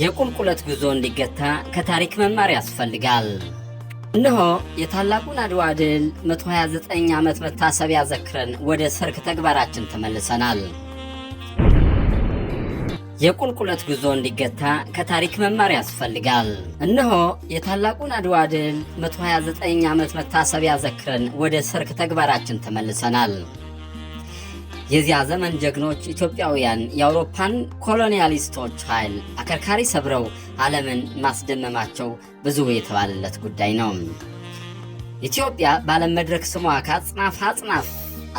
የቁልቁለት ጉዞ እንዲገታ ከታሪክ መማር ያስፈልጋል። እነሆ የታላቁን አድዋ ድል 129 ዓመት መታሰቢያ ዘክረን ወደ ሰርክ ተግባራችን ተመልሰናል። የቁልቁለት ጉዞ እንዲገታ ከታሪክ መማር ያስፈልጋል። እነሆ የታላቁን አድዋ ድል 129 ዓመት መታሰቢያ ዘክረን ወደ ሰርክ ተግባራችን ተመልሰናል። የዚያ ዘመን ጀግኖች ኢትዮጵያውያን የአውሮፓን ኮሎኒያሊስቶች ኃይል አከርካሪ ሰብረው ዓለምን ማስደመማቸው ብዙ የተባለለት ጉዳይ ነው። ኢትዮጵያ በዓለም መድረክ ስሟ ከአጽናፍ አጽናፍ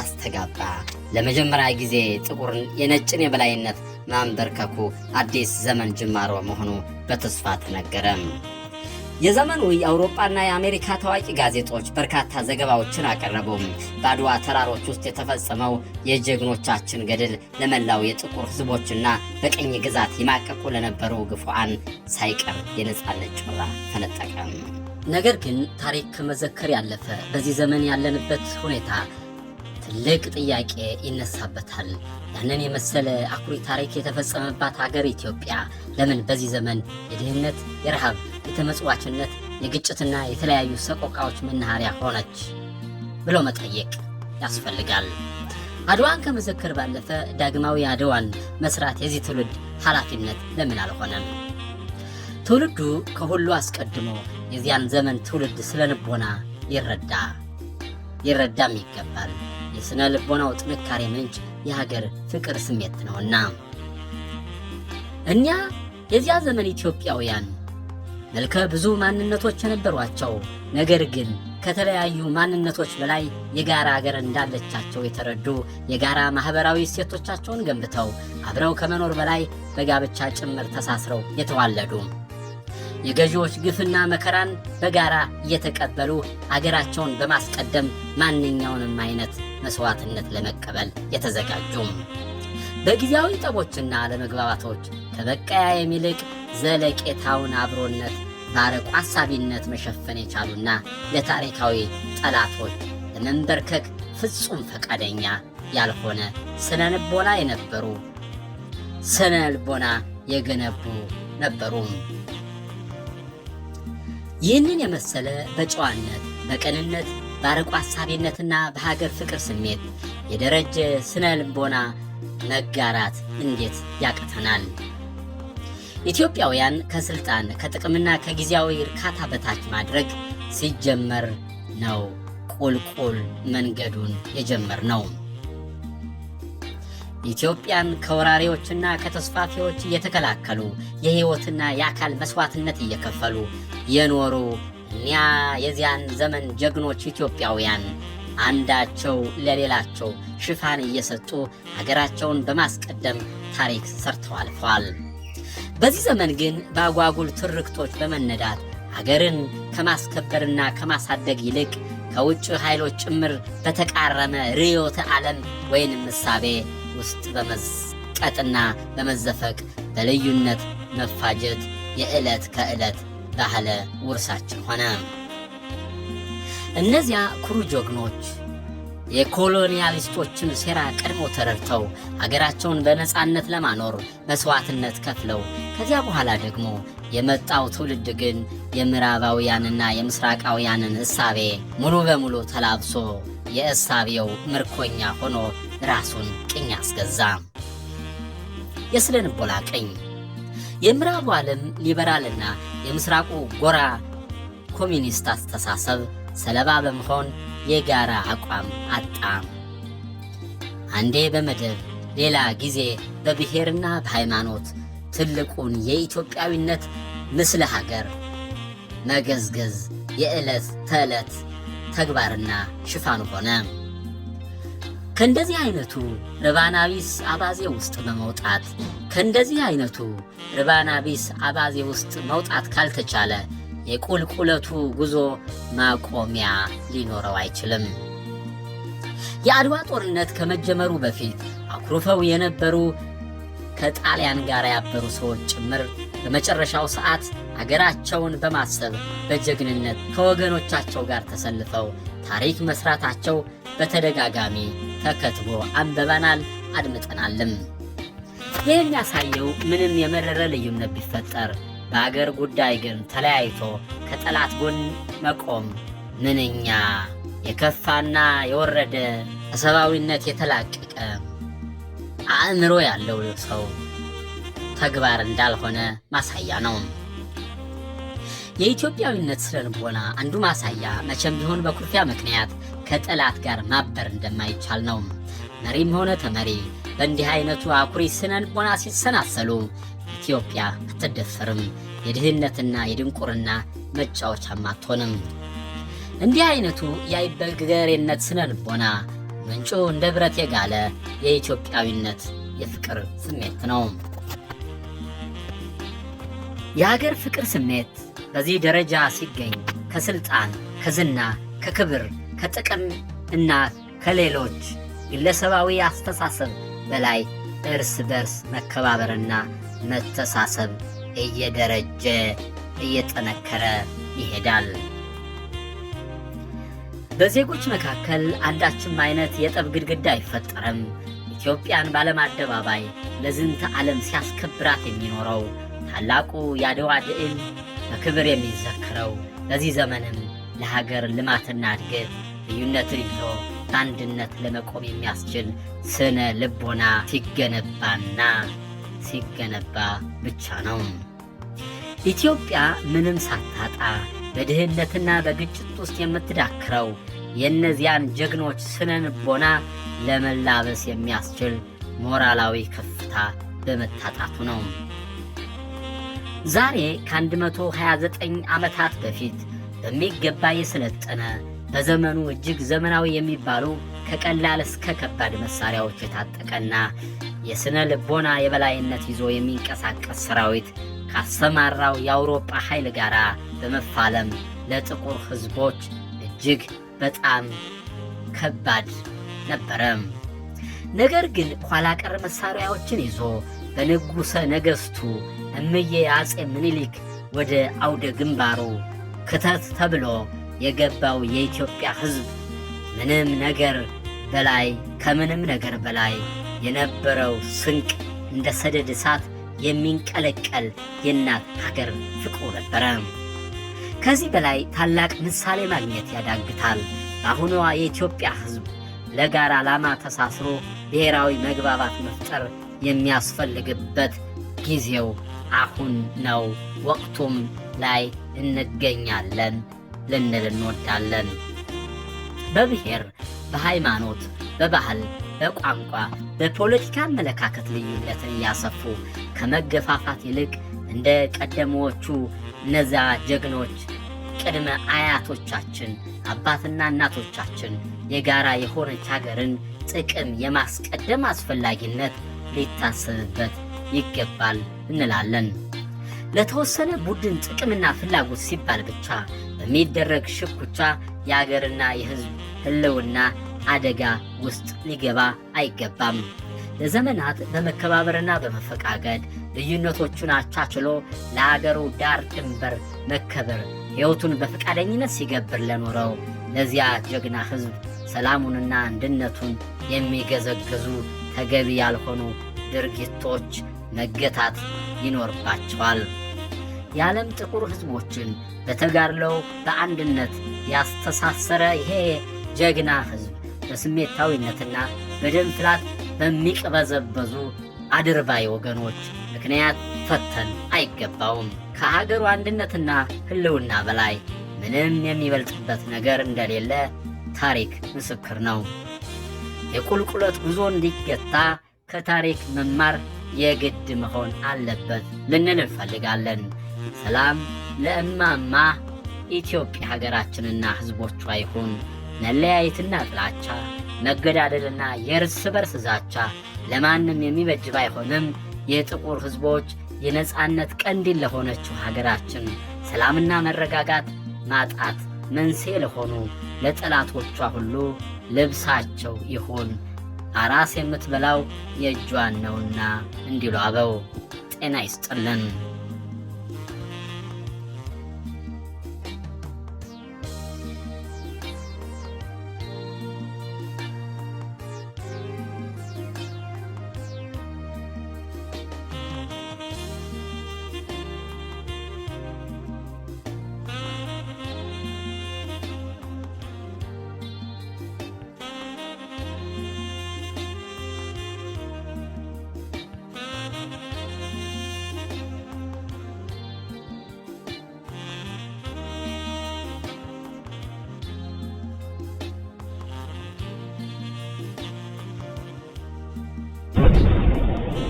አስተጋባ። ለመጀመሪያ ጊዜ ጥቁርን የነጭን የበላይነት ማንበርከኩ አዲስ ዘመን ጅማሮ መሆኑ በተስፋ ተነገረም። የዘመኑ የአውሮፓና የአሜሪካ ታዋቂ ጋዜጦች በርካታ ዘገባዎችን አቀረቡም። በአድዋ ተራሮች ውስጥ የተፈጸመው የጀግኖቻችን ገድል ለመላው የጥቁር ሕዝቦችና በቅኝ ግዛት ይማቀቁ ለነበሩ ግፉዓን ሳይቀር የነጻነት ጮራ ፈነጠቀም። ነገር ግን ታሪክ ከመዘከር ያለፈ በዚህ ዘመን ያለንበት ሁኔታ ትልቅ ጥያቄ ይነሳበታል። ያንን የመሰለ አኩሪ ታሪክ የተፈጸመባት ሀገር ኢትዮጵያ ለምን በዚህ ዘመን የድህነት የረሃብ የተመጽዋችነት የግጭትና የተለያዩ ሰቆቃዎች መናኸሪያ ሆነች ብሎ መጠየቅ ያስፈልጋል። አድዋን ከመዘከር ባለፈ ዳግማዊ አድዋን መስራት የዚህ ትውልድ ኃላፊነት ለምን አልሆነም? ትውልዱ ከሁሉ አስቀድሞ የዚያን ዘመን ትውልድ ስነ ልቦና ይረዳ ይረዳም ይገባል። የስነ ልቦናው ጥንካሬ ምንጭ የሀገር ፍቅር ስሜት ነውና እኛ የዚያ ዘመን ኢትዮጵያውያን መልከ ብዙ ማንነቶች የነበሯቸው ነገር ግን ከተለያዩ ማንነቶች በላይ የጋራ አገር እንዳለቻቸው የተረዱ የጋራ ማህበራዊ እሴቶቻቸውን ገንብተው አብረው ከመኖር በላይ በጋብቻ ጭምር ተሳስረው የተዋለዱ የገዢዎች ግፍና መከራን በጋራ እየተቀበሉ አገራቸውን በማስቀደም ማንኛውንም አይነት መስዋዕትነት ለመቀበል የተዘጋጁ በጊዜያዊ ጠቦችና አለመግባባቶች ከበቀያየም ይልቅ ዘለቄታውን አብሮነት ባረቁ አሳቢነት መሸፈን የቻሉና ለታሪካዊ ጠላቶች ለመንበርከክ ፍጹም ፈቃደኛ ያልሆነ ስነ ልቦና የነበሩ ስነ ልቦና የገነቡ ነበሩ። ይህንን የመሰለ በጨዋነት በቅንነት ባረቁ አሳቢነትና በሀገር ፍቅር ስሜት የደረጀ ስነ ልቦና መጋራት እንዴት ያቅተናል? ኢትዮጵያውያን ከስልጣን ከጥቅምና ከጊዜያዊ እርካታ በታች ማድረግ ሲጀመር ነው ቁልቁል መንገዱን የጀመር ነው። ኢትዮጵያን ከወራሪዎችና ከተስፋፊዎች እየተከላከሉ የህይወትና የአካል መስዋዕትነት እየከፈሉ የኖሩ እኒያ የዚያን ዘመን ጀግኖች ኢትዮጵያውያን አንዳቸው ለሌላቸው ሽፋን እየሰጡ ሀገራቸውን በማስቀደም ታሪክ ሰርተው አልፈዋል። በዚህ ዘመን ግን በአጓጉል ትርክቶች በመነዳት ሀገርን ከማስከበርና ከማሳደግ ይልቅ ከውጭ ኃይሎች ጭምር በተቃረመ ርዕዮተ ዓለም ወይንም ምሳቤ ውስጥ በመዝቀጥና በመዘፈቅ በልዩነት መፋጀት የዕለት ከዕለት ባህለ ውርሳችን ሆነ። እነዚያ ኩሩ ጀግኖች የኮሎኒያሊስቶችን ሴራ ቀድሞ ተረድተው አገራቸውን በነፃነት ለማኖር መስዋዕትነት ከፍለው ከዚያ በኋላ ደግሞ የመጣው ትውልድ ግን የምዕራባውያንና የምስራቃውያንን እሳቤ ሙሉ በሙሉ ተላብሶ የእሳቤው ምርኮኛ ሆኖ ራሱን ቅኝ አስገዛ። የስነ ልቦና ቅኝ የምዕራቡ ዓለም ሊበራልና የምስራቁ ጎራ ኮሚኒስት አስተሳሰብ ሰለባ በመሆን የጋራ አቋም አጣ። አንዴ በመደብ ሌላ ጊዜ በብሔርና በሃይማኖት ትልቁን የኢትዮጵያዊነት ምስለ ሀገር መገዝገዝ የዕለት ተዕለት ተግባርና ሽፋን ሆነ። ከእንደዚህ አይነቱ ርባናቢስ አባዜ ውስጥ በመውጣት ከእንደዚህ አይነቱ ርባናቢስ አባዜ ውስጥ መውጣት ካልተቻለ የቁልቁለቱ ጉዞ ማቆሚያ ሊኖረው አይችልም። የአድዋ ጦርነት ከመጀመሩ በፊት አኩርፈው የነበሩ ከጣሊያን ጋር ያበሩ ሰዎች ጭምር በመጨረሻው ሰዓት አገራቸውን በማሰብ በጀግንነት ከወገኖቻቸው ጋር ተሰልፈው ታሪክ መስራታቸው በተደጋጋሚ ተከትቦ አንብበናል፣ አድምጠናልም። ይህ የሚያሳየው ምንም የመረረ ልዩነት ቢፈጠር በአገር ጉዳይ ግን ተለያይቶ ከጠላት ጎን መቆም ምንኛ የከፋና የወረደ ከሰብአዊነት የተላቀቀ አእምሮ ያለው ሰው ተግባር እንዳልሆነ ማሳያ ነው። የኢትዮጵያዊነት ስነልቦና አንዱ ማሳያ መቼም ቢሆን በኩርፊያ ምክንያት ከጠላት ጋር ማበር እንደማይቻል ነው። መሪም ሆነ ተመሪ በእንዲህ አይነቱ አኩሪ ስነልቦና ሲሰናሰሉ ኢትዮጵያ አትደፈርም፣ የድህነትና የድንቁርና መጫወቻም አትሆንም። እንዲህ አይነቱ የአይበገሬነት ስነልቦና ምንጩ እንደ ብረት የጋለ የኢትዮጵያዊነት የፍቅር ስሜት ነው። የሀገር ፍቅር ስሜት በዚህ ደረጃ ሲገኝ ከስልጣን፣ ከዝና፣ ከክብር፣ ከጥቅም እና ከሌሎች ግለሰባዊ አስተሳሰብ በላይ እርስ በርስ መከባበርና መተሳሰብ እየደረጀ እየጠነከረ ይሄዳል። በዜጎች መካከል አንዳችም አይነት የጠብ ግድግዳ አይፈጠርም። ኢትዮጵያን ባለም አደባባይ ለዝንተ ዓለም ሲያስከብራት የሚኖረው ታላቁ የአድዋ ድል በክብር የሚዘክረው በዚህ ዘመንም ለሀገር ልማትና እድገት ልዩነትን ይዞ በአንድነት ለመቆም የሚያስችል ስነ ልቦና ሲገነባና ሲገነባ ብቻ ነው ኢትዮጵያ ምንም ሳታጣ በድህነትና በግጭት ውስጥ የምትዳክረው የእነዚያን ጀግኖች ስነ ልቦና ለመላበስ የሚያስችል ሞራላዊ ከፍታ በመታጣቱ ነው። ዛሬ ከ129 ዓመታት በፊት በሚገባ የሰለጠነ በዘመኑ እጅግ ዘመናዊ የሚባሉ ከቀላል እስከ ከባድ መሳሪያዎች የታጠቀና የስነ ልቦና የበላይነት ይዞ የሚንቀሳቀስ ሰራዊት ካሰማራው የአውሮፓ ኃይል ጋር በመፋለም ለጥቁር ሕዝቦች እጅግ በጣም ከባድ ነበረም። ነገር ግን ቀር መሳሪያዎችን ይዞ በንጉሠ ነገሥቱ እምዬ አጼ ምኒልክ ወደ አውደ ግንባሩ ክተት ተብሎ የገባው የኢትዮጵያ ሕዝብ ምንም ነገር በላይ ከምንም ነገር በላይ የነበረው ስንቅ እንደ ሰደድ እሳት የሚንቀለቀል የእናት ሀገር ፍቅሩ ነበረ። ከዚህ በላይ ታላቅ ምሳሌ ማግኘት ያዳግታል። በአሁኗ የኢትዮጵያ ሕዝብ ለጋራ ዓላማ ተሳስሮ ብሔራዊ መግባባት መፍጠር የሚያስፈልግበት ጊዜው አሁን ነው፣ ወቅቱም ላይ እንገኛለን ልንል እንወዳለን። በብሔር፣ በሃይማኖት፣ በባህል በቋንቋ፣ በፖለቲካ አመለካከት ልዩነት እያሰፉ ከመገፋፋት ይልቅ እንደ ቀደሞዎቹ እነዛ ጀግኖች ቅድመ አያቶቻችን አባትና እናቶቻችን የጋራ የሆነች ሀገርን ጥቅም የማስቀደም አስፈላጊነት ሊታሰብበት ይገባል እንላለን። ለተወሰነ ቡድን ጥቅምና ፍላጎት ሲባል ብቻ በሚደረግ ሽኩቻ የአገርና የሕዝብ ህልውና ። አደጋ ውስጥ ሊገባ አይገባም። ለዘመናት በመከባበርና በመፈቃቀድ ልዩነቶቹን አቻችሎ ለአገሩ ዳር ድንበር መከበር ሕይወቱን በፈቃደኝነት ሲገብር ለኖረው ለዚያ ጀግና ሕዝብ ሰላሙንና አንድነቱን የሚገዘግዙ ተገቢ ያልሆኑ ድርጊቶች መገታት ይኖርባቸዋል። የዓለም ጥቁር ሕዝቦችን በተጋድለው በአንድነት ያስተሳሰረ ይሄ ጀግና ሕዝብ በስሜታዊነትና በደም ፍላት በሚቀበዘበዙ አድርባይ ወገኖች ምክንያት ፈተን አይገባውም። ከሀገሩ አንድነትና ሕልውና በላይ ምንም የሚበልጥበት ነገር እንደሌለ ታሪክ ምስክር ነው። የቁልቁለት ጉዞ እንዲገታ ከታሪክ መማር የግድ መሆን አለበት ልንል እንፈልጋለን። ሰላም ለእማማ ኢትዮጵያ ሀገራችንና ሕዝቦቿ ይሁን። መለያየትና ጥላቻ፣ መገዳደልና የእርስ በርስ ዛቻ ለማንም የሚበጅ ባይሆንም የጥቁር ሕዝቦች የነፃነት ቀንዲል ለሆነችው ሀገራችን ሰላምና መረጋጋት ማጣት መንስኤ ለሆኑ ለጠላቶቿ ሁሉ ልብሳቸው ይሁን አራስ የምትበላው የእጇን ነውና እንዲሉ አበው ጤና ይስጥልን።